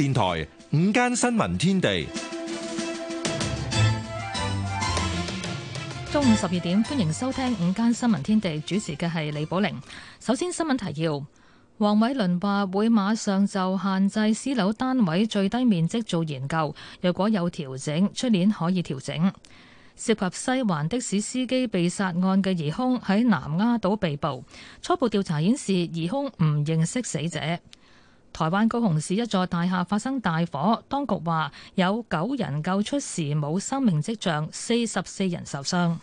電台午間新聞天地，中午十二點，歡迎收聽午間新聞天地，主持嘅係李寶玲。首先新聞提要：黃偉綸話會馬上就限制私樓單位最低面積做研究，若果有調整，出年可以調整。涉及西環的士司機被殺案嘅疑兇喺南丫島被捕，初步調查顯示疑兇唔認識死者。台灣高雄市一座大廈發生大火，當局話有九人救出時冇生命跡象，四十四人受傷。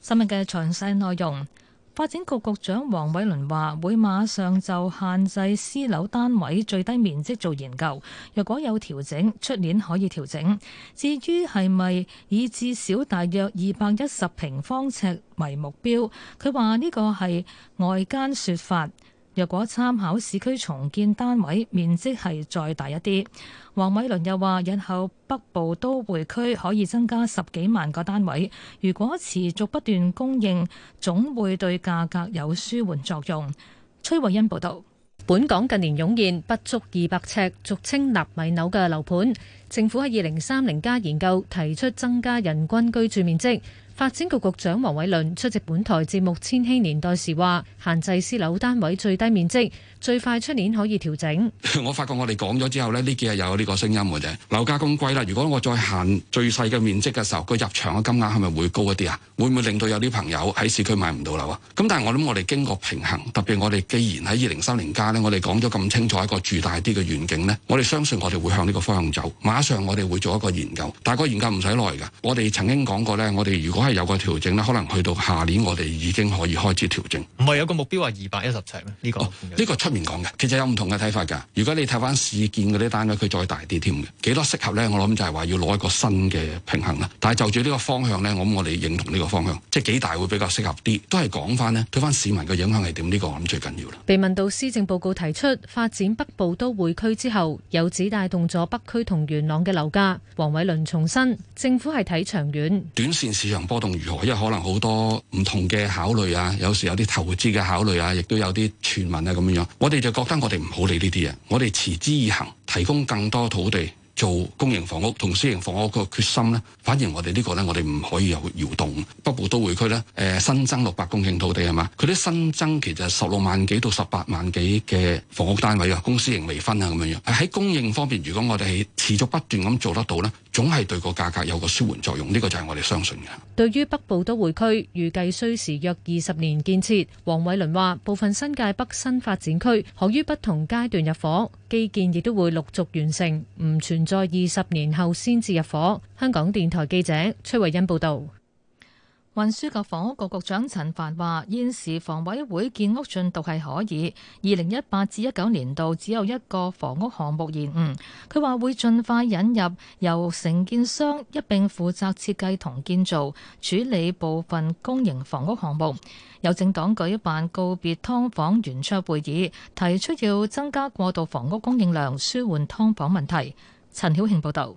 新聞嘅詳細內容，發展局局長黃偉倫話會馬上就限制私樓單位最低面積做研究。若果有調整，出年可以調整。至於係咪以至少大約二百一十平方尺為目標，佢話呢個係外間說法。若果參考市區重建單位面積係再大一啲，黃偉倫又話：日後北部都會區可以增加十幾萬個單位，如果持續不斷供應，總會對價格有舒緩作用。崔慧欣報道，本港近年湧現不足二百尺，俗稱納米樓嘅樓盤，政府喺二零三零加研究，提出增加人均居住面積。發展局局長黃偉倫出席本台節目《千禧年代》時話：限制私樓單位最低面積，最快出年可以調整。 我發覺我哋講咗之後咧，呢幾日有呢個聲音嘅啫。樓價咁貴啦，如果我再限最細嘅面積嘅時候，個入場嘅金額係咪會高一啲啊？會唔會令到有啲朋友喺市區買唔到樓啊？咁但係我諗我哋經過平衡，特別我哋既然喺二零三零加呢，我哋講咗咁清楚一個住大啲嘅願景呢，我哋相信我哋會向呢個方向走。馬上我哋會做一個研究，大概研究唔使耐噶。我哋曾經講過呢，我哋如果係有個調整咧，可能去到下年，我哋已經可以開始調整。唔係有個目標係二百一十呎咩？呢、這個呢、哦、個出面講嘅，其實有唔同嘅睇法噶。如果你睇翻市建嗰啲單位佢再大啲添嘅，幾多適合呢？我諗就係話要攞一個新嘅平衡啦。但係就住呢個方向咧，咁我哋認同呢個方向，即係幾大會比較適合啲。都係講翻呢，對翻市民嘅影響係點？呢個我諗最緊要啦。被問到施政報告提出發展北部都會區之後，有指帶動咗北區同元朗嘅樓價，黃偉綸重申政府係睇長遠，短線市場波波動如何？因為可能好多唔同嘅考慮啊，有時有啲投資嘅考慮啊，亦都有啲傳聞啊，咁樣樣，我哋就覺得我哋唔好理呢啲嘢，我哋持之以恒，提供更多土地。做公營房屋同私營房屋個決心呢，反而我哋呢個呢，我哋唔可以有搖動。北部都會區呢，誒、呃、新增六百公頃土地係嘛，佢啲新增其實十六萬幾到十八萬幾嘅房屋單位私營啊，公私營未分啊咁樣樣。喺供應方面，如果我哋持續不斷咁做得到呢，總係對個價格有個舒緩作用。呢、這個就係我哋相信嘅。對於北部都會區預計需時約二十年建設，黃偉綸話：部分新界北新發展區可於不同階段入伙。基建亦都會陸續完成，唔存在二十年後先至入伙。香港電台記者崔慧欣報導。運輸及房屋局局長陳帆話：現時房委會建屋進度係可以，二零一八至一九年度只有一個房屋項目延誤。佢話會盡快引入由承建商一併負責設計同建造，處理部分公營房屋項目。有政黨舉辦告別劏房圓桌會議，提出要增加過渡房屋供應量，舒緩劏房問題。陳曉慶報導。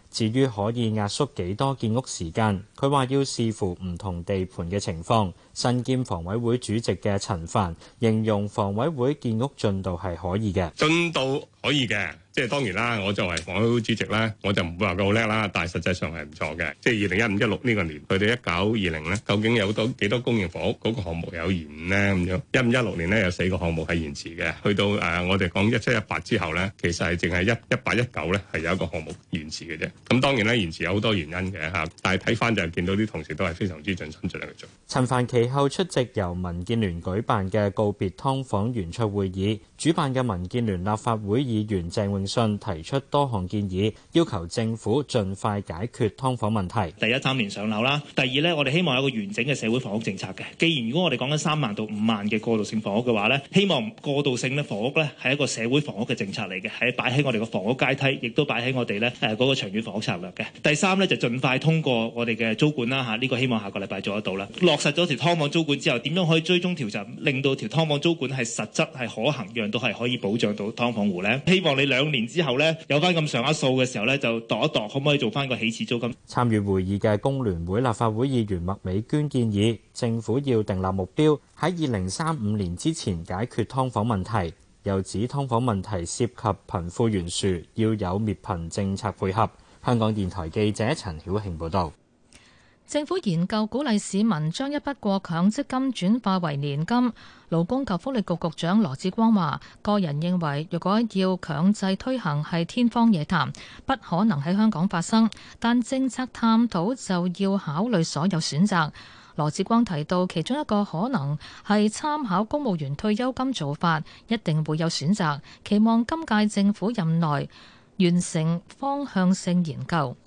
至於可以壓縮幾多建屋時間，佢話要視乎唔同地盤嘅情況。新兼房委會主席嘅陳帆形容房委會建屋進度係可以嘅，進度可以嘅，即係當然啦。我作為房委會主席咧，我就唔會話佢好叻啦，但係實際上係唔錯嘅。即係二零一五、一六呢個年，去到一九、二零咧，究竟有多幾多公營房屋嗰、那個項目有延誤咧咁樣？一五、一六年呢，15，年有四個項目係延遲嘅，去到誒、呃、我哋講一七、一八之後呢，其實係淨係一、一八、一九咧係有一個項目延遲嘅啫。咁當然啦，延遲有好多原因嘅嚇，但係睇翻就係、是、見到啲同事都係非常之盡心盡力去做。陳帆其後出席由民建聯舉辦嘅告別劏房圓桌會議。主辦嘅民建聯立法會議員鄭泳舜提出多項建議，要求政府盡快解決劏房問題。第一，三年上樓啦；第二咧，我哋希望有個完整嘅社會房屋政策嘅。既然如果我哋講緊三萬到五萬嘅過渡性房屋嘅話咧，希望過渡性咧房屋咧係一個社會房屋嘅政策嚟嘅，係擺喺我哋個房屋階梯，亦都擺喺我哋咧誒嗰個長遠房屋策略嘅。第三咧就盡快通過我哋嘅租管啦吓，呢個希望下個禮拜做得到啦。落實咗條劏房租管之後，點樣可以追蹤調查，令到條劏房租管係實質係可行，讓都係可以保障到劏房戶咧。希望你兩年之後咧有翻咁上下數嘅時候咧，就度一度，可唔可以做翻個起始租金？參與會議嘅工聯會立法會議員麥美娟建議政府要訂立目標喺二零三五年之前解決劏房問題。又指劏房問題涉及貧富懸殊，要有滅貧政策配合。香港電台記者陳曉慶報道。政府研究鼓勵市民將一筆過強積金轉化為年金。勞工及福利局局長羅志光話，個人認為，如果要強制推行係天方夜譚，不可能喺香港發生。但政策探討就要考慮所有選擇。羅志光提到，其中一個可能係參考公務員退休金做法，一定會有選擇。期望今屆政府任內完成方向性研究。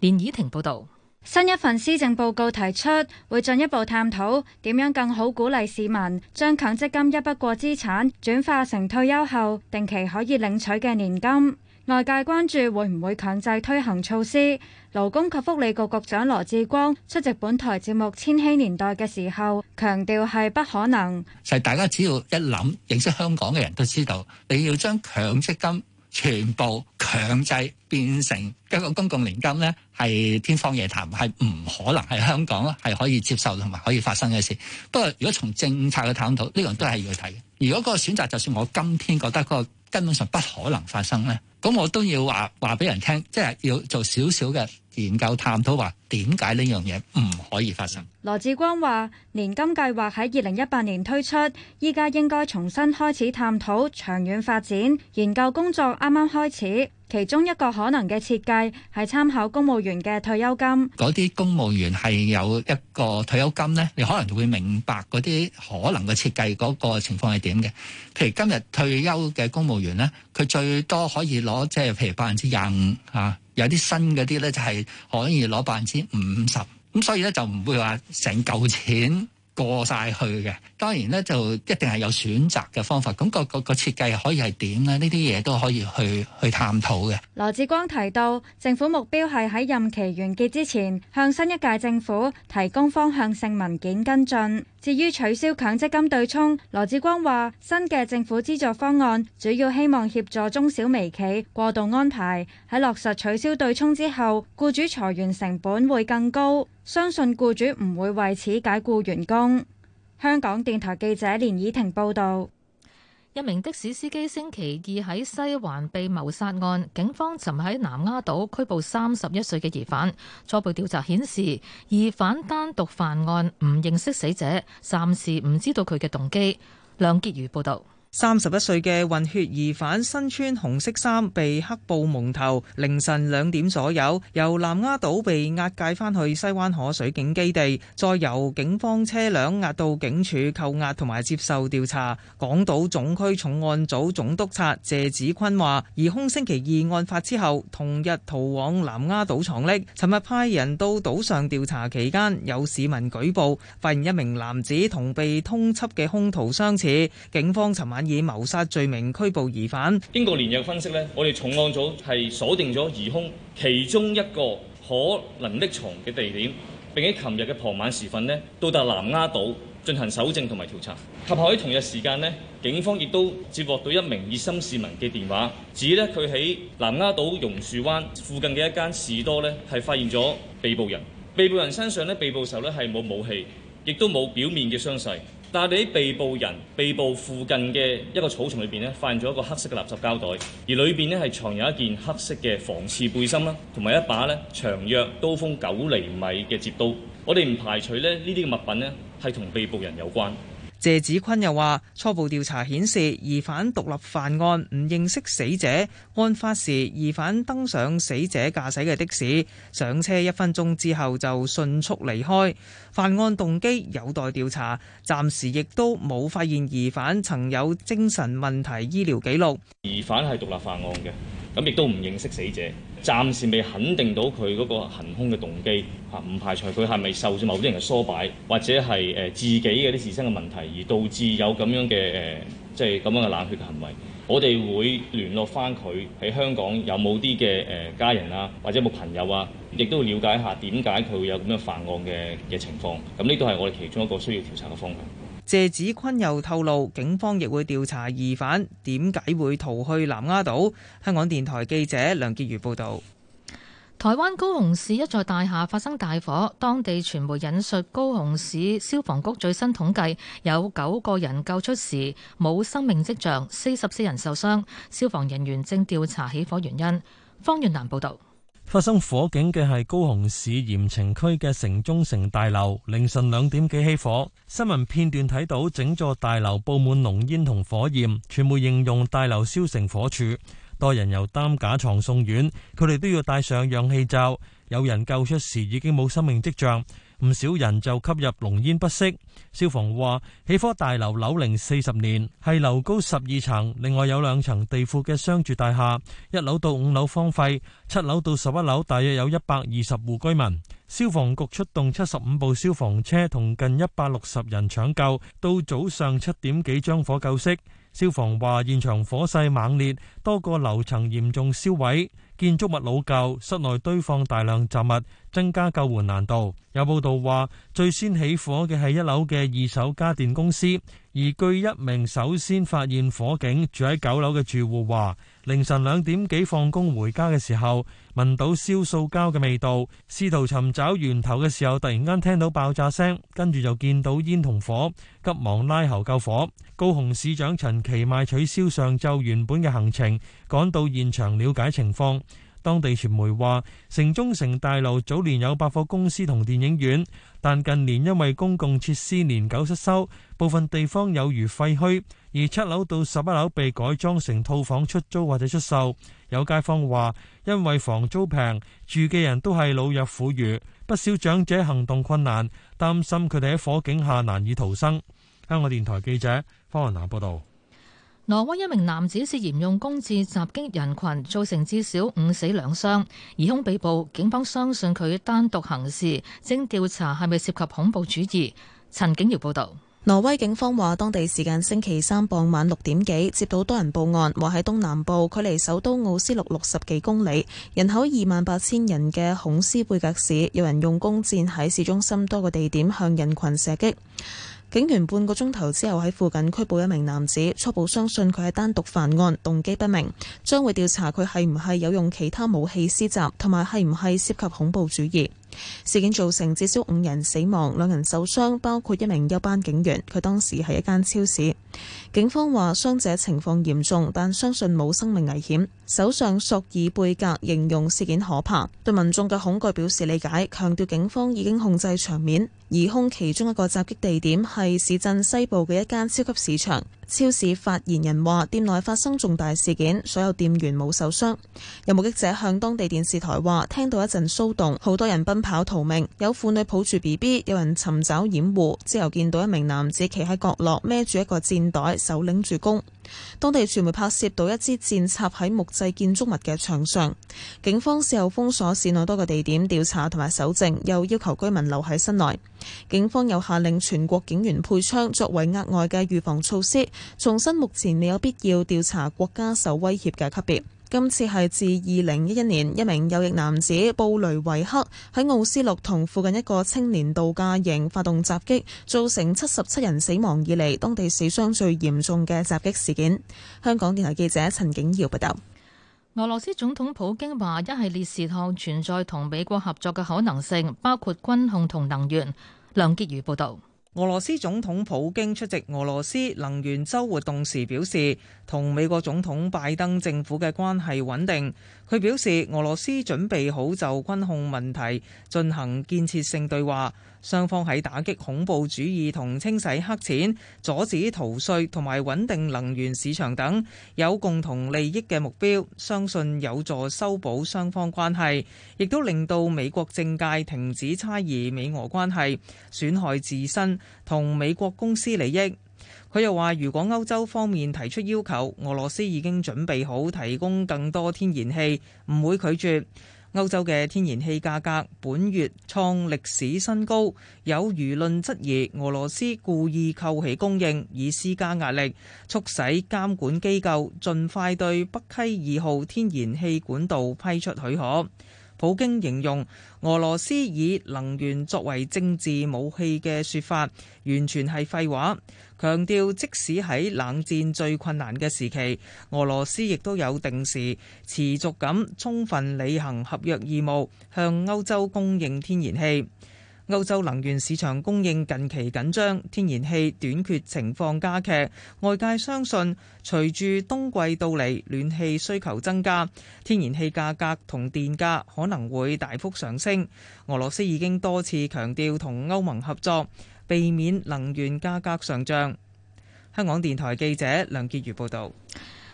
連以婷報導。新一份施政報告提出，會進一步探討點樣更好鼓勵市民將強積金一筆過資產轉化成退休後定期可以領取嘅年金。外界關注會唔會強制推行措施，勞工及福利局局長羅致光出席本台節目《千禧年代》嘅時候，強調係不可能。就係大家只要一諗，認識香港嘅人都知道，你要將強積金，全部強制變成一個公共年金咧，係天方夜談，係唔可能，喺香港係可以接受同埋可以發生嘅事。不過，如果從政策嘅探討，呢、這個都係要睇嘅。如果個選擇，就算我今天覺得嗰、那個。根本上不可能發生呢。咁我都要話話俾人聽，即係要做少少嘅研究探討，話點解呢樣嘢唔可以發生？羅智光話：年金計劃喺二零一八年推出，依家應該重新開始探討長遠發展研究工作，啱啱開始。其中一個可能嘅設計係參考公務員嘅退休金，嗰啲公務員係有一個退休金咧，你可能會明白嗰啲可能嘅設計嗰個情況係點嘅。譬如今日退休嘅公務員咧，佢最多可以攞即係譬如百分之廿五嚇，有啲新嗰啲咧就係可以攞百分之五十，咁、啊、所以咧就唔會話成嚿錢。過晒去嘅，當然咧就一定係有選擇嘅方法。咁個個個設計可以係點咧？呢啲嘢都可以去去探討嘅。羅志光提到，政府目標係喺任期完結之前，向新一屆政府提供方向性文件跟進。至於取消強積金對沖，羅志光話：新嘅政府資助方案主要希望協助中小微企過渡安排。喺落實取消對沖之後，僱主裁員成本會更高，相信僱主唔會為此解雇員工。香港電台記者連以婷報導。一名的士司機星期二喺西環被謀殺案，警方尋日喺南丫島拘捕三十一歲嘅疑犯。初步調查顯示，疑犯單獨犯案，唔認識死者，暫時唔知道佢嘅動機。梁潔如報道。三十一歲嘅混血疑犯身穿紅色衫，被黑布蒙頭。凌晨兩點左右，由南丫島被押解返去西灣河水警基地，再由警方車輛押到警署扣押同埋接受調查。港島總區重案組總督察謝子坤話，疑凶星期二案發之後，同日逃往南丫島藏匿。尋日派人到島上調查期間，有市民舉報，發現一名男子同被通緝嘅凶徒相似。警方尋晚，以謀殺罪名拘捕疑犯。經過連日分析呢，我哋重案組係鎖定咗疑兇其中一個可能匿藏嘅地點，並喺琴日嘅傍晚時分呢到達南丫島進行搜證同埋調查。及後喺同一時間呢，警方亦都接獲到一名熱心市民嘅電話，指呢佢喺南丫島榕樹灣附近嘅一間士多呢係發現咗被捕人。被捕人身上呢，被捕時候呢係冇武器，亦都冇表面嘅傷勢。但係，喺被捕人被捕附近嘅一個草叢裏面咧，發現咗一個黑色嘅垃圾膠袋，而裏面咧係藏有一件黑色嘅防刺背心啦，同埋一把咧長約刀鋒九厘米嘅折刀。我哋唔排除咧呢啲物品咧係同被捕人有關。謝子坤又話：初步調查顯示，疑犯獨立犯案，唔認識死者。案發時，疑犯登上死者駕駛嘅的士，上車一分鐘之後就迅速離開。犯案動機有待調查，暫時亦都冇發現疑犯曾有精神問題醫療記錄。疑犯係獨立犯案嘅。咁亦都唔認識死者，暫時未肯定到佢嗰個行兇嘅動機嚇，唔排除佢係咪受咗某啲人嘅唆擺，或者係誒自己嘅啲自身嘅問題，而導致有咁樣嘅誒，即係咁樣嘅冷血嘅行為。我哋會聯絡翻佢喺香港有冇啲嘅誒家人啊，或者有冇朋友啊，亦都要了解下點解佢會有咁樣犯案嘅嘅情況。咁呢個係我哋其中一個需要調查嘅方向。謝子坤又透露，警方亦會調查疑犯點解會逃去南丫島。香港電台記者梁潔如報導，台灣高雄市一座大廈發生大火，當地傳媒引述高雄市消防局最新統計，有九個人救出時冇生命跡象，四十四人受傷，消防人員正調查起火原因。方遠南報導。發生火警嘅係高雄市鹽埕區嘅城中城大樓，凌晨兩點幾起火。新聞片段睇到整座大樓布滿濃煙同火焰，全部形容大樓燒成火柱，多人由擔架床送院，佢哋都要戴上氧氣罩。有人救出時已經冇生命跡象，唔少人就吸入濃煙不適。消防話，起火大樓樓齡四十年，係樓高十二層，另外有兩層地庫嘅商住大廈，一樓到五樓荒廢，七樓到十一樓大約有一百二十戶居民。消防局出動七十五部消防車同近一百六十人搶救，到早上七點幾將火救熄。消防話，現場火勢猛烈，多個樓層嚴重燒毀。建築物老舊，室內堆放大量雜物，增加救援難度。有報道話，最先起火嘅係一樓嘅二手家電公司，而據一名首先發現火警住喺九樓嘅住戶話。凌晨兩點幾放工回家嘅時候，聞到燒塑膠嘅味道，試圖尋找源頭嘅時候，突然間聽到爆炸聲，跟住就見到煙同火，急忙拉喉救火。高雄市長陳其邁取消上晝原本嘅行程，趕到現場了解情況。當地傳媒話，城中城大樓早年有百貨公司同電影院，但近年因為公共設施年久失修，部分地方有如廢墟。而七樓到十一樓被改裝成套房出租或者出售，有街坊話，因為房租平，住嘅人都係老弱婦孺，不少長者行動困難，擔心佢哋喺火警下難以逃生。香港電台記者方云娜報道。挪威，一名男子涉嫌用弓箭襲擊人群，造成至少五死兩傷，疑凶被捕，警方相信佢單獨行事，正調查係咪涉及恐怖主義。陳景瑤報道。挪威警方話，當地時間星期三傍晚六點幾，接到多人報案，話喺東南部、距離首都奧斯陸六十幾公里、人口二萬八千人嘅孔斯貝格市，有人用弓箭喺市中心多個地點向人群射擊。警員半個鐘頭之後喺附近拘捕一名男子，初步相信佢係單獨犯案，動機不明，將會調查佢係唔係有用其他武器施襲，同埋係唔係涉及恐怖主義。事件造成至少五人死亡，兩人受傷，包括一名休班警員。佢當時係一間超市。警方話傷者情況嚴重，但相信冇生命危險。首相索爾貝格形容事件可怕，對民眾嘅恐懼表示理解，強調警方已經控制場面。疑凶其中一個襲擊地點係市鎮西部嘅一間超級市場。超市發言人話：店內發生重大事件，所有店員冇受傷。有目擊者向當地電視台話：聽到一陣騷動，好多人奔跑逃命，有婦女抱住 BB，有人尋找掩護。之後見到一名男子企喺角落，孭住一個箭袋，手拎住弓。當地傳媒拍攝到一支箭插喺木製建築物嘅牆上。警方事後封鎖市內多個地點調查同埋搜證，又要求居民留喺室內。警方又下令全國警員配槍作為額外嘅預防措施，重申目前未有必要調查國家受威脅嘅級別。今次係自二零一一年一名右翼男子布雷維克喺奧斯陸同附近一個青年度假營發動襲擊，造成七十七人死亡以嚟，當地死傷最嚴重嘅襲擊事件。香港電台記者陳景耀報道。俄羅斯總統普京話，一系列事項存在同美國合作嘅可能性，包括軍控同能源。梁潔如報道，俄羅斯總統普京出席俄羅斯能源周活動時表示，同美國總統拜登政府嘅關係穩定。佢表示，俄羅斯準備好就軍控問題進行建設性對話。雙方喺打擊恐怖主義同清洗黑錢、阻止逃稅同埋穩定能源市場等有共同利益嘅目標，相信有助修補雙方關係，亦都令到美國政界停止猜疑美俄關係，損害自身同美國公司利益。佢又話：如果歐洲方面提出要求，俄羅斯已經準備好提供更多天然氣，唔會拒絕。歐洲嘅天然氣價格本月創歷史新高，有輿論質疑俄羅斯故意扣起供應，以施加壓力，促使監管機構盡快對北溪二號天然氣管道批出許可。普京形容俄羅斯以能源作為政治武器嘅說法，完全係廢話，強調即使喺冷戰最困難嘅時期，俄羅斯亦都有定時持續咁充分履行合約義務，向歐洲供應天然氣。歐洲能源市場供應近期緊張，天然氣短缺情況加劇，外界相信，隨住冬季到嚟，暖氣需求增加，天然氣價格同電價可能會大幅上升。俄羅斯已經多次強調同歐盟合作，避免能源價格上漲。香港電台記者梁潔如報道。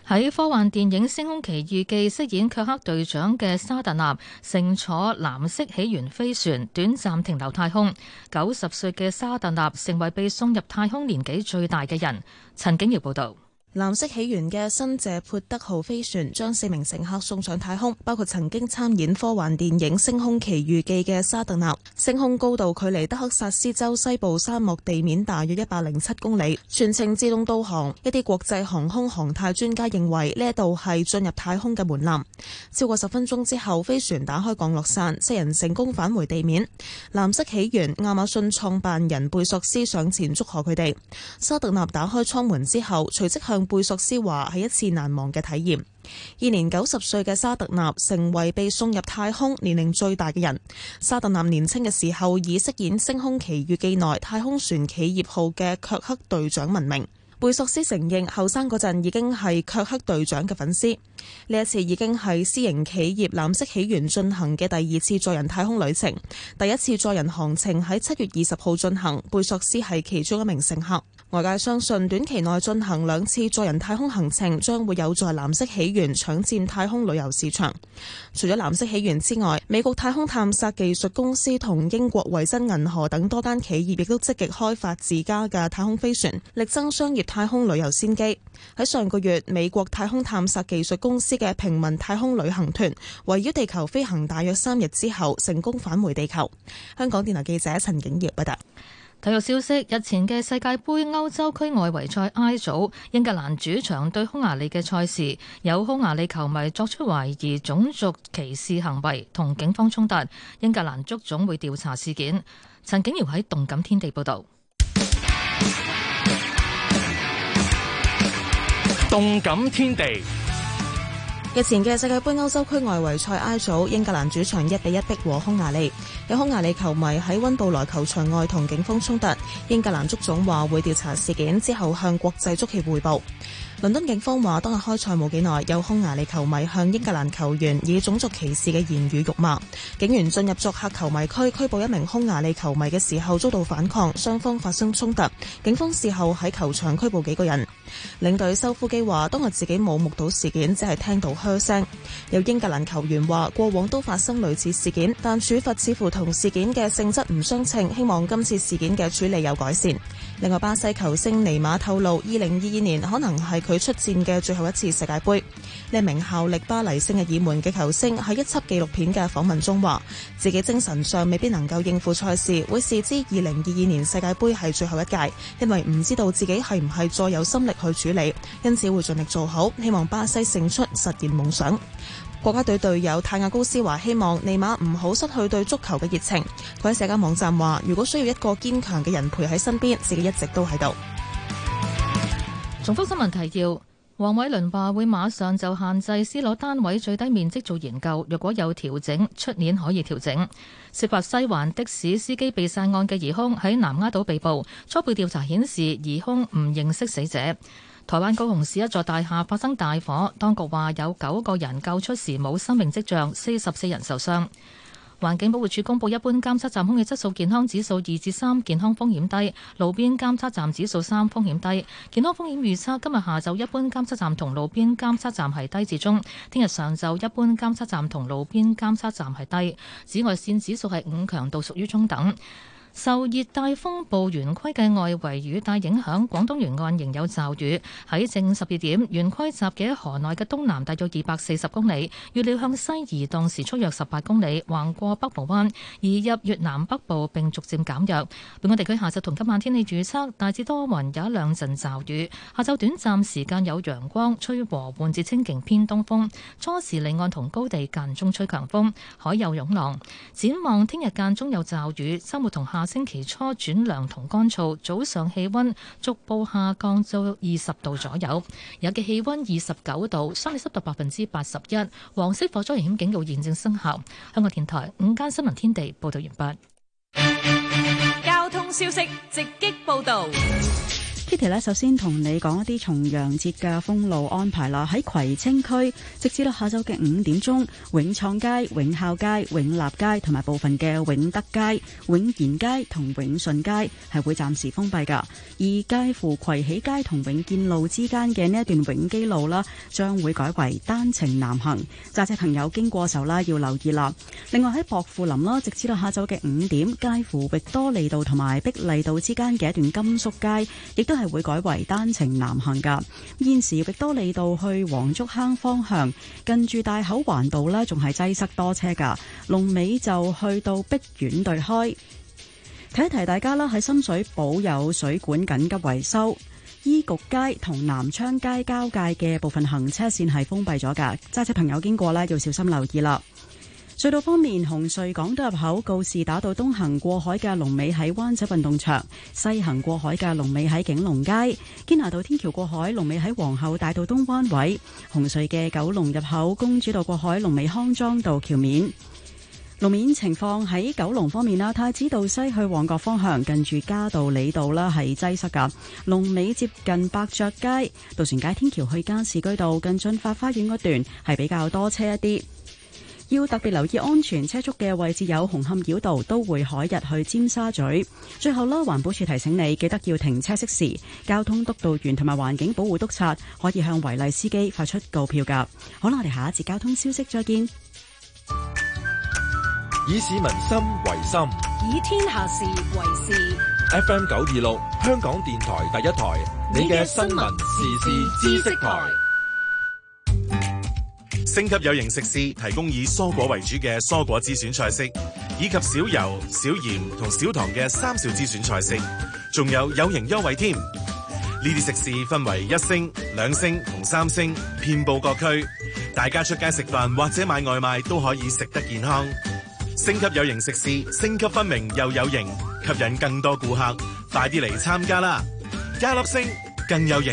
喺科幻電影《星空奇遇記》飾演卻克隊長嘅沙特納乘坐藍色起源飛船短暫停留太空。九十歲嘅沙特納成為被送入太空年紀最大嘅人。陳景業報道。藍色起源嘅新謝潑德號飛船將四名乘客送上太空，包括曾經參演科幻電影《星空奇遇記》嘅沙特納。升空高度距離德克薩斯州西部沙漠地面大約一百零七公里，全程自動導航。一啲國際航空航太專家認為呢一度係進入太空嘅門檻。超過十分鐘之後，飛船打開降落傘，四人成功返回地面。藍色起源、亞馬遜創辦人貝索斯上前祝賀佢哋。沙特納打開艙門之後，隨即向貝索斯話係一次難忘嘅體驗。現年九十歲嘅沙特納成為被送入太空年齡最大嘅人。沙特納年青嘅時候以飾演《星空奇遇記》內太空船企業號嘅卻克隊長聞名。貝索斯承認後生嗰陣已經係卻克隊長嘅粉絲。呢一次已經係私營企業藍色起源進行嘅第二次載人太空旅程。第一次載人航程喺七月二十號進行，貝索斯係其中一名乘客。外界相信，短期內進行兩次載人太空行程，將會有助藍色起源搶佔太空旅遊市場。除咗藍色起源之外，美國太空探索技術公司同英國維珍銀河等多間企業亦都積極開發自家嘅太空飛船，力爭商業太空旅遊先機。喺上個月，美國太空探索技術公司嘅平民太空旅行團圍繞地球飛行大約三日之後，成功返回地球。香港電台記者陳景業報道。體育消息：日前嘅世界杯歐洲區外圍賽 I 組，英格蘭主場對匈牙利嘅賽事，有匈牙利球迷作出懷疑種族歧視行為，同警方衝突。英格蘭足總會調查事件。陳景瑤喺動感天地報道。動感天地。日前嘅世界杯歐洲區外圍賽 I 組，英格蘭主場一比一逼和匈牙利，有匈牙利球迷喺溫布萊球場外同警方衝突。英格蘭足總話會調查事件之後向國際足協匯報。倫敦警方話當日開賽冇幾耐，有匈牙利球迷向英格蘭球員以種族歧視嘅言語辱罵，警員進入作客球迷區拘捕一名匈牙利球迷嘅時候遭到反抗，雙方發生衝突。警方事後喺球場拘捕幾個人。領隊修夫基話，當日自己冇目睹事件，只係聽到噓聲。有英格蘭球員話，過往都發生類似事件，但處罰似乎同事件嘅性質唔相稱，希望今次事件嘅處理有改善。另外，巴西球星尼馬透露二零二二年可能係佢出戰嘅最後一次世界盃。呢名效力巴黎聖日耳門嘅球星喺一輯紀錄片嘅訪問中話，自己精神上未必能夠應付賽事，會視之二零二二年世界盃係最後一屆，因為唔知道自己係唔係再有心力去處理，因此會盡力做好，希望巴西勝出，實現夢想。國家隊隊友泰亞高斯華話：希望尼馬唔好失去對足球嘅熱情。佢喺社交網站話：如果需要一個堅強嘅人陪喺身邊，自己一直都喺度。重複新聞提要：黃偉綸話會馬上就限制私樓單位最低面積做研究，若果有調整，出年可以調整。涉白西環的士司機被殺案嘅疑兇喺南丫島被捕，初步調查顯示疑兇唔認識死者。台灣高雄市一座大廈發生大火，當局話有九個人救出時冇生命跡象，四十四人受傷。環境保護署公布一般監測站空氣質素健康指數二至三，健康風險低；路邊監測站指數三，風險低。健康風險預測今日下晝一般監測站同路邊監測站係低至中，聽日上晝一般監測站同路邊監測站係低。紫外線指數係五，強度屬於中等。受熱帶風暴圓規嘅外圍雨帶影響，廣東沿岸仍有驟雨。喺正午十二點，圓規集結喺河內嘅東南大約二百四十公里，預料向西移動時速約十八公里，橫過北部灣，移入越南北部並逐漸減弱。本港地區下晝同今晚天氣預測大致多雲，有一兩陣驟雨。下晝短暫時間有陽光，吹和緩至清勁偏東風，初時離岸同高地間中吹強風，海有湧浪。展望聽日間中有驟雨，周末同下星期初轉涼同乾燥，早上氣温逐步下降到二十度左右，有嘅氣温二十九度，相對濕度百分之八十一。黃色火災危險警告現正生效。香港電台午間新聞天地報道完畢。交通消息直擊報道。Kitty 咧，itty, 首先同你講一啲重陽節嘅封路安排啦。喺葵青區，直至到下晝嘅五點鐘，永創街、永孝街、永立街同埋部分嘅永德街、永賢街同永順街係會暫時封閉噶。而介乎葵喜街同永建路之間嘅呢一段永基路啦，將會改為單程南行，揸車朋友經過時候啦，要留意啦。另外喺薄扶林啦，直至到下晝嘅五點，介乎域多利道同埋碧利道之間嘅一段金粟街，亦都。係會改為單程南行噶。現時域多利道去黃竹坑方向，近住大口環道呢，仲係擠塞多車噶。龍尾就去到碧苑對開。提一提大家啦，喺深水埗有水管緊急維修，醫局街同南昌街交界嘅部分行車綫係封閉咗噶，揸車朋友經過呢，要小心留意啦。隧道方面，紅隧港島入口告士打道東行過海嘅龍尾喺灣仔運動場，西行過海嘅龍尾喺景隆街。堅拿道天橋過海龍尾喺皇后大道東彎位。紅隧嘅九龍入口公主道過海龍尾康莊道橋面。路面情況喺九龍方面啦，太子道西去旺角方向近住嘉道理道啦係擠塞噶，龍尾接近百雀街渡船街天橋去加士居道近駿發花園嗰段係比較多車一啲。要特別留意安全車速嘅位置有紅磡繞道、都會海逸去尖沙咀。最後啦，環保署提醒你，記得要停車熄匙。交通督導員同埋環境保護督察可以向違例司機發出告票㗎。好啦，我哋下一節交通消息再見。以市民心為心，以天下事為事。FM 九二六，香港電台第一台，你嘅新聞時事知識台。星級有型食肆提供以蔬果為主嘅蔬果之選菜式，以及少油、少鹽同少糖嘅三少之選菜式，仲有有型優惠添。呢啲食肆分為一星、兩星同三星，遍布各區。大家出街食飯或者買外賣都可以食得健康。星級有型食肆，星級分明又有型，吸引更多顧客。快啲嚟參加啦！加粒星更有型。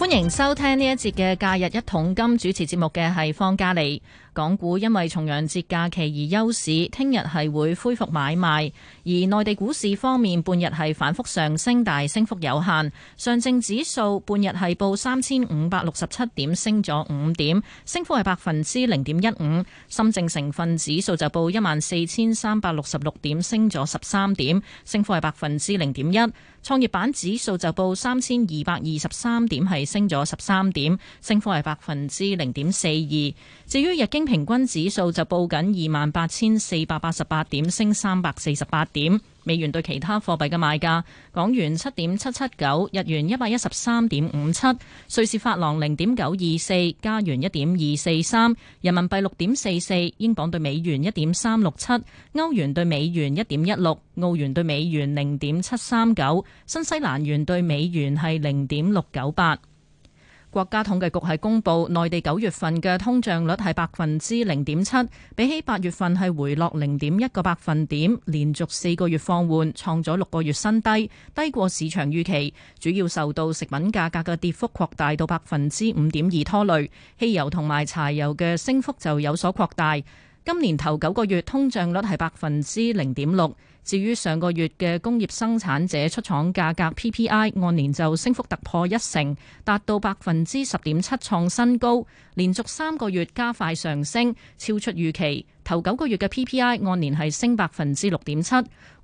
歡迎收聽呢一節嘅假日一桶金，主持節目嘅係方嘉利。港股因為重陽節假期而休市，聽日係會恢復買賣。而內地股市方面，半日係反復上升，但係升幅有限。上證指數半日係報三千五百六十七點，升咗五點，升幅係百分之零點一五。深證成分指數就報一萬四千三百六十六點，升咗十三點，升幅係百分之零點一。創業板指數就報三千二百二十三點，係升咗十三點，升幅係百分之零點四二。至於日經平均指數，就報緊二萬八千四百八十八點，升三百四十八點。美元對其他貨幣嘅賣價：港元七點七七九，日元一百一十三點五七，瑞士法郎零點九二四，加元一點二四三，人民幣六點四四，英鎊對美元一點三六七，歐元對美元一點一六，澳元對美元零點七三九，新西蘭元對美元係零點六九八。國家統計局係公布內地九月份嘅通脹率係百分之零點七，比起八月份係回落零點一個百分點，連續四個月放緩，創咗六個月新低，低過市場預期。主要受到食品價格嘅跌幅擴大到百分之五點二拖累，汽油同埋柴油嘅升幅就有所擴大。今年頭九個月通脹率係百分之零點六，至於上個月嘅工業生產者出廠價格 PPI 按年就升幅突破一成，達到百分之十點七，創新高，連續三個月加快上升，超出預期。頭九個月嘅 PPI 按年係升百分之六點七。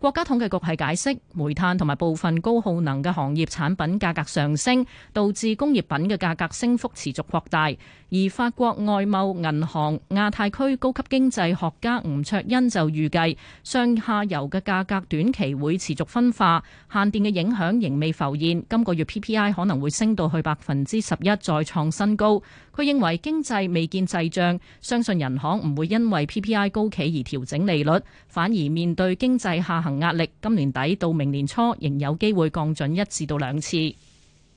國家統計局係解釋，煤炭同埋部分高耗能嘅行業產品價格上升，導致工業品嘅價格升幅持續擴大。而法國外貿銀行亞太區高級經濟學家吳卓恩就預計，上下游嘅價格短期會持續分化，限電嘅影響仍未浮現。今個月 PPI 可能會升到去百分之十一，再創新高。佢認為經濟未見滯脹，相信人行唔會因為 PPI 高企而調整利率，反而面對經濟下行。壓力，今年底到明年初，仍有機會降準一至到兩次。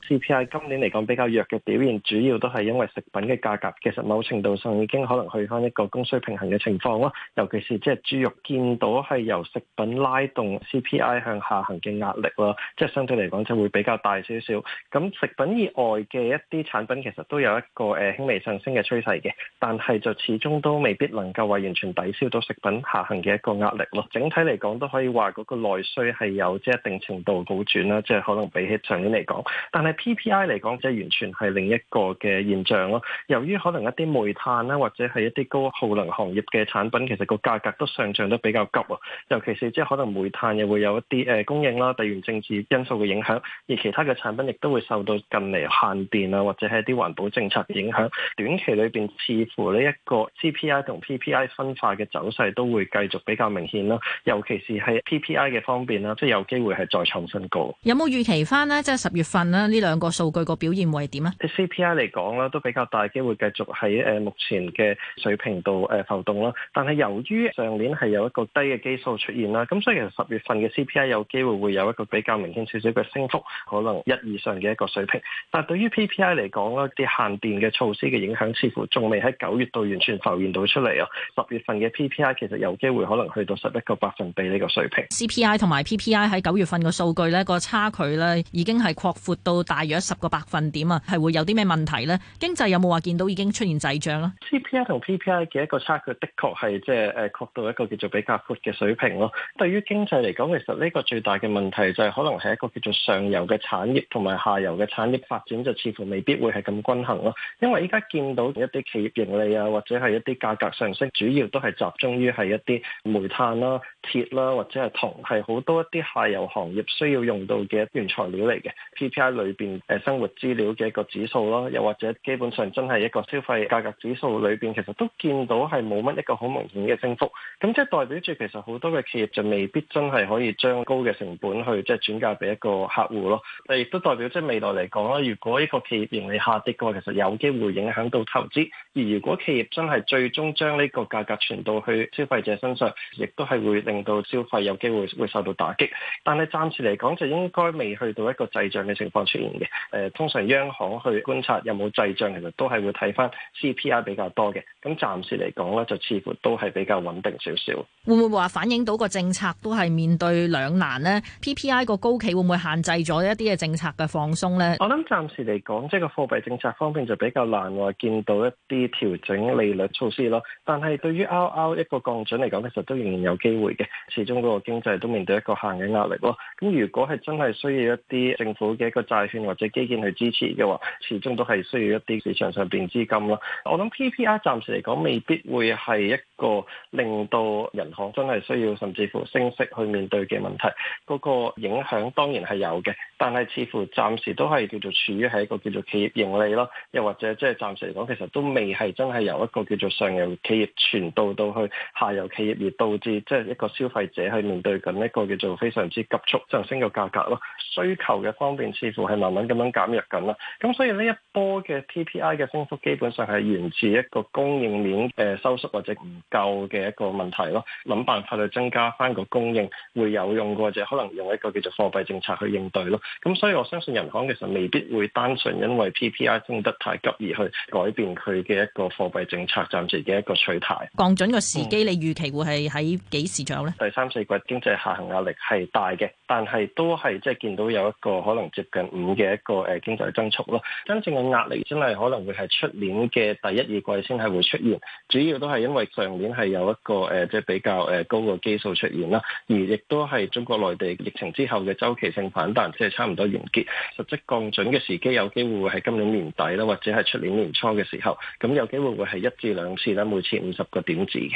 CPI 今年嚟講比較弱嘅表現，主要都係因為食品嘅價格，其實某程度上已經可能去返一個供需平衡嘅情況咯。尤其是即係豬肉，見到係由食品拉動 CPI 向下行嘅壓力咯。即係相對嚟講就會比較大少少。咁食品以外嘅一啲產品其實都有一個誒輕微上升嘅趨勢嘅，但係就始終都未必能夠話完全抵消到食品下行嘅一個壓力咯。整體嚟講都可以話嗰個內需係有即係一定程度好轉啦，即係可能比起上年嚟講，但係。PPI 嚟講，就完全係另一個嘅現象咯。由於可能一啲煤炭啦，或者係一啲高耗能行業嘅產品，其實個價格都上漲得比較急喎。尤其是即係可能煤炭又會有一啲誒供應啦、地緣政治因素嘅影響，而其他嘅產品亦都會受到近嚟限電啊，或者係一啲環保政策影響。短期裏邊，似乎呢一個 CPI 同 PPI 分化嘅走勢都會繼續比較明顯啦。尤其是係 PPI 嘅方面啦，即係有機會係再創新高。有冇預期翻呢？即係十月份啦、啊，呢兩兩個數據個表現會係點啊？CPI 嚟講咧，都比較大機會繼續喺誒目前嘅水平度誒浮動啦。但係由於上年係有一個低嘅基數出現啦，咁所以其實十月份嘅 CPI 有機會會有一個比較明顯少少嘅升幅，可能一以上嘅一個水平。但係對於 PPI 嚟講咧，啲限電嘅措施嘅影響似乎仲未喺九月度完全浮現到出嚟啊。十月份嘅 PPI 其實有機會可能去到十一個百分比呢個水平。CPI 同埋 PPI 喺九月份嘅數據咧，個差距咧已經係擴闊到大。大約十個百分點啊，係會有啲咩問題咧？經濟有冇話見到已經出現滯脹咧？CPI 同 PPI 嘅一個差距的確係即係誒，擴到一個叫做比較闊嘅水平咯。對於經濟嚟講，其實呢個最大嘅問題就係可能係一個叫做上游嘅產業同埋下游嘅產業發展就似乎未必會係咁均衡咯。因為依家見到一啲企業盈利啊，或者係一啲價格上升，主要都係集中於係一啲煤炭啦、啊、鐵啦、啊、或者係銅，係好多一啲下游行業需要用到嘅原材料嚟嘅。PPI 裏邊。誒，生活資料嘅一個指數咯，又或者基本上真係一個消費價格指數裏邊，其實都見到係冇乜一個好明顯嘅升幅。咁即係代表住其實好多嘅企業就未必真係可以將高嘅成本去即係、就是、轉嫁俾一個客戶咯。但亦都代表即係未來嚟講啦，如果呢個企業盈利下跌嘅話，其實有機會影響到投資。而如果企業真係最終將呢個價格傳到去消費者身上，亦都係會令到消費有機會會受到打擊。但係暫時嚟講就應該未去到一個滯脹嘅情況出現。誒，通常央行去觀察有冇滯脹，其實都係會睇翻 CPI 比較多嘅。咁暫時嚟講咧，就似乎都係比較穩定少少。會唔會話反映到個政策都係面對兩難呢？PPI 個高企會唔會限制咗一啲嘅政策嘅放鬆呢？我諗暫時嚟講，即係個貨幣政策方面就比較難話見到一啲調整利率措施咯。但係對於 o u o 一個降準嚟講，其實都仍然有機會嘅。始終嗰個經濟都面對一個下行嘅壓力咯。咁如果係真係需要一啲政府嘅一個債券。或者基建去支持嘅話，始終都係需要一啲市場上邊資金咯。我諗 PPR 暫時嚟講未必會係一個令到銀行真係需要甚至乎升息去面對嘅問題。嗰個影響當然係有嘅，但係似乎暫時都係叫做處於喺一個叫做企業盈利咯，又或者即係暫時嚟講，其實都未係真係由一個叫做上游企業傳導到去下游企業而導致，即係一個消費者去面對緊一個叫做非常之急速上升嘅價格咯。需求嘅方面似乎係難。慢慢咁樣減弱緊啦，咁所以呢一波嘅 PPI 嘅升幅基本上係源自一個供應鏈嘅收縮或者唔夠嘅一個問題咯，諗辦法去增加返個供應會有用過，或者可能用一個叫做貨幣政策去應對咯。咁所以我相信人行其實未必會單純因為 PPI 升得太急而去改變佢嘅一個貨幣政策，暫時嘅一個取態降準嘅時機，嗯、你預期會係喺幾時左右咧？第三四季經濟下行壓力係大嘅，但係都係即係見到有一個可能接近五。嘅一個誒經濟增速咯，真正嘅壓力真係可能會係出年嘅第一二季先係會出現，主要都係因為上年係有一個誒、呃、即係比較誒高嘅基數出現啦，而亦都係中國內地疫情之後嘅周期性反彈，即係差唔多完結，實際降準嘅時機有機會會係今年年底啦，或者係出年年初嘅時候，咁有機會會係一至兩次啦，每次五十個點子嘅。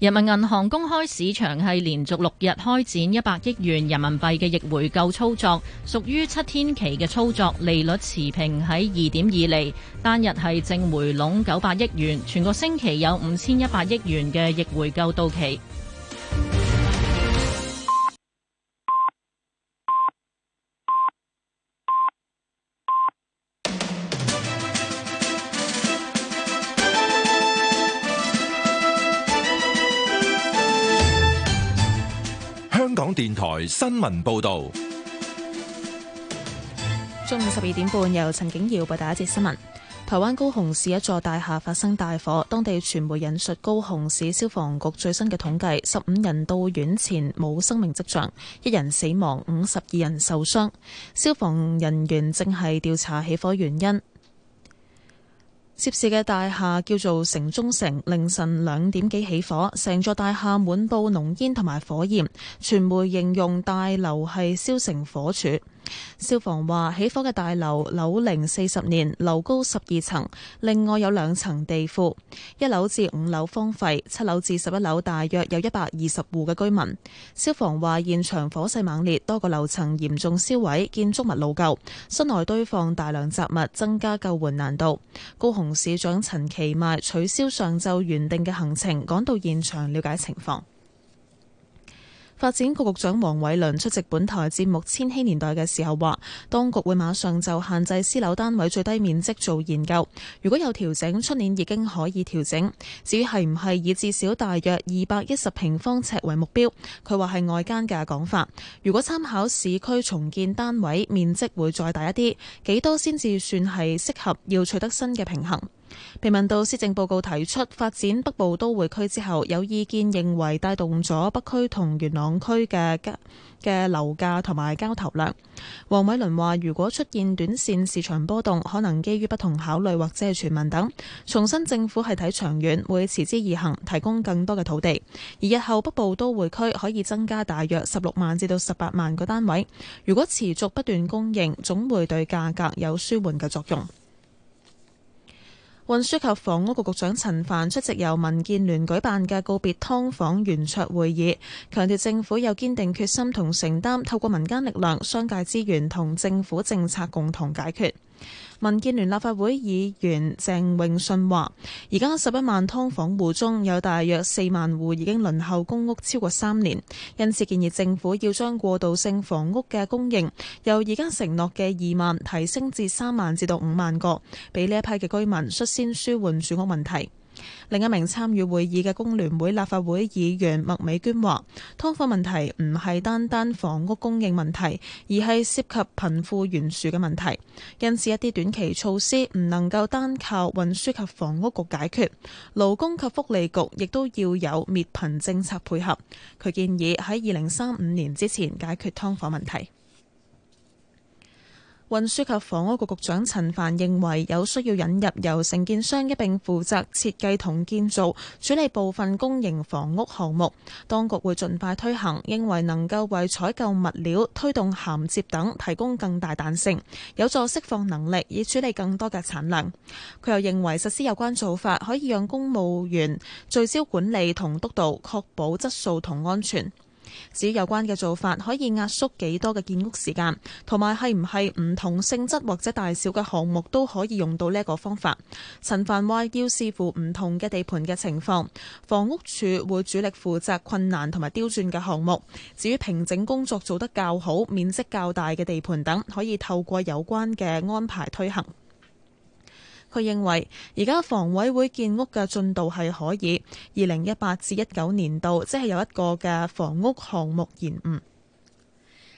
人民銀行公開市場係連續六日開展一百億元人民幣嘅逆回購操作，屬於七天期嘅操作，利率持平喺二點二厘，單日係淨回籠九百億元，全個星期有五千一百億元嘅逆回購到期。香港電台新聞報道：中午十二點半，由陳景耀報第一節新聞。台灣高雄市一座大廈發生大火，當地傳媒引述高雄市消防局最新嘅統計，十五人到院前冇生命跡象，一人死亡，五十二人受傷。消防人員正係調查起火原因。涉事嘅大廈叫做城中城，凌晨兩點幾起火，成座大廈滿布濃煙同埋火焰，傳媒形容大樓係燒成火柱。消防話，起火嘅大樓樓齡四十年，樓高十二層，另外有兩層地庫，一樓至五樓荒廢，七樓至十一樓大約有一百二十戶嘅居民。消防話，現場火勢猛烈，多個樓層嚴重燒毀，建築物老舊，室內堆放大量雜物，增加救援難度。高雄市長陳其邁取消上晝原定嘅行程，趕到現場了解情況。發展局局長黃偉綸出席本台節目《千禧年代》嘅時候話，當局會馬上就限制私樓單位最低面積做研究。如果有調整，出年已經可以調整。至於係唔係以至少大約二百一十平方尺為目標，佢話係外間嘅講法。如果參考市區重建單位，面積會再大一啲，幾多先至算係適合？要取得新嘅平衡。被問到施政報告提出發展北部都會區之後，有意見認為帶動咗北區同元朗區嘅交嘅樓價同埋交投量，黃偉綸話：如果出現短線市場波動，可能基於不同考慮或者係傳聞等，重申政府係睇長遠，會持之以恆提供更多嘅土地。而日後北部都會區可以增加大約十六萬至到十八萬個單位，如果持續不斷供應，總會對價格有舒緩嘅作用。運輸及房屋局局長陳帆出席由民建聯舉辦嘅告別劏房圓桌會議，強調政府有堅定決心同承擔，透過民間力量、商界資源同政府政策共同解決。民建聯立法會議員鄭泳舜話：而家十一萬劏房戶中有大約四萬戶已經輪候公屋超過三年，因此建議政府要將過渡性房屋嘅供應由而家承諾嘅二萬提升至三萬至到五萬個，俾呢一批嘅居民率先舒緩住屋問題。另一名參與會議嘅工聯會立法會議員麥美娟話，劏房問題唔係單單房屋供應問題，而係涉及貧富懸殊嘅問題。因此，一啲短期措施唔能夠單靠運輸及房屋局解決，勞工及福利局亦都要有滅貧政策配合。佢建議喺二零三五年之前解決劏房問題。運輸及房屋局局長陳帆認為，有需要引入由承建商一併負責設計同建造，處理部分公營房屋項目。當局會盡快推行，認為能夠為採購物料、推動銜接等提供更大彈性，有助釋放能力以處理更多嘅產量。佢又認為實施有關做法可以讓公務員聚焦管理同督導，確保質素同安全。至於有關嘅做法可以壓縮幾多嘅建屋時間，同埋係唔係唔同性質或者大小嘅項目都可以用到呢一個方法？陳凡話要視乎唔同嘅地盤嘅情況，房屋署會主力負責困難同埋刁鑽嘅項目。至於平整工作做得較好、面積較大嘅地盤等，可以透過有關嘅安排推行。佢認為而家房委會建屋嘅進度係可以，二零一八至一九年度，即係有一個嘅房屋項目延誤。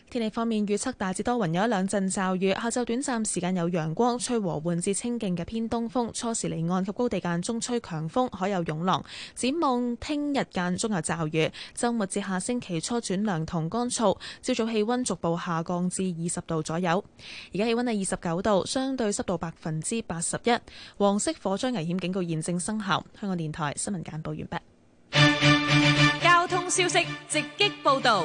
天氣方面預測大致多雲，有一兩陣驟雨。下晝短暫時間有陽光，吹和緩至清勁嘅偏東風。初時離岸及高地間中吹強風，海有湧浪。展望聽日間中有驟雨，周末至下星期初轉涼同乾燥。朝早氣溫逐步下降至二十度左右。而家氣溫係二十九度，相對濕度百分之八十一。黃色火災危險警告現正生效。香港電台新聞簡報完畢。交通消息直擊報道。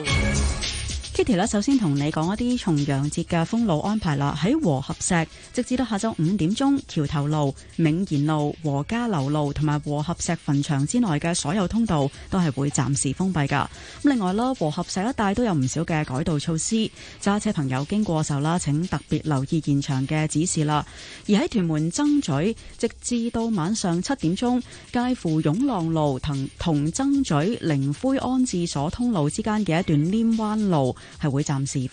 Kitty 啦，Katie，首先同你講一啲重陽節嘅封路安排啦。喺和合石，直至到下晝五點鐘，橋頭路、銘賢路、和家樓路同埋和合石墳場之內嘅所有通道都係會暫時封閉㗎。咁另外啦，和合石一帶都有唔少嘅改道措施，揸車朋友經過時啦，請特別留意現場嘅指示啦。而喺屯門增咀，直至到晚上七點鐘，介乎涌浪路，路同同增咀靈灰安置所通路之間嘅一段黏彎路。係會暫時。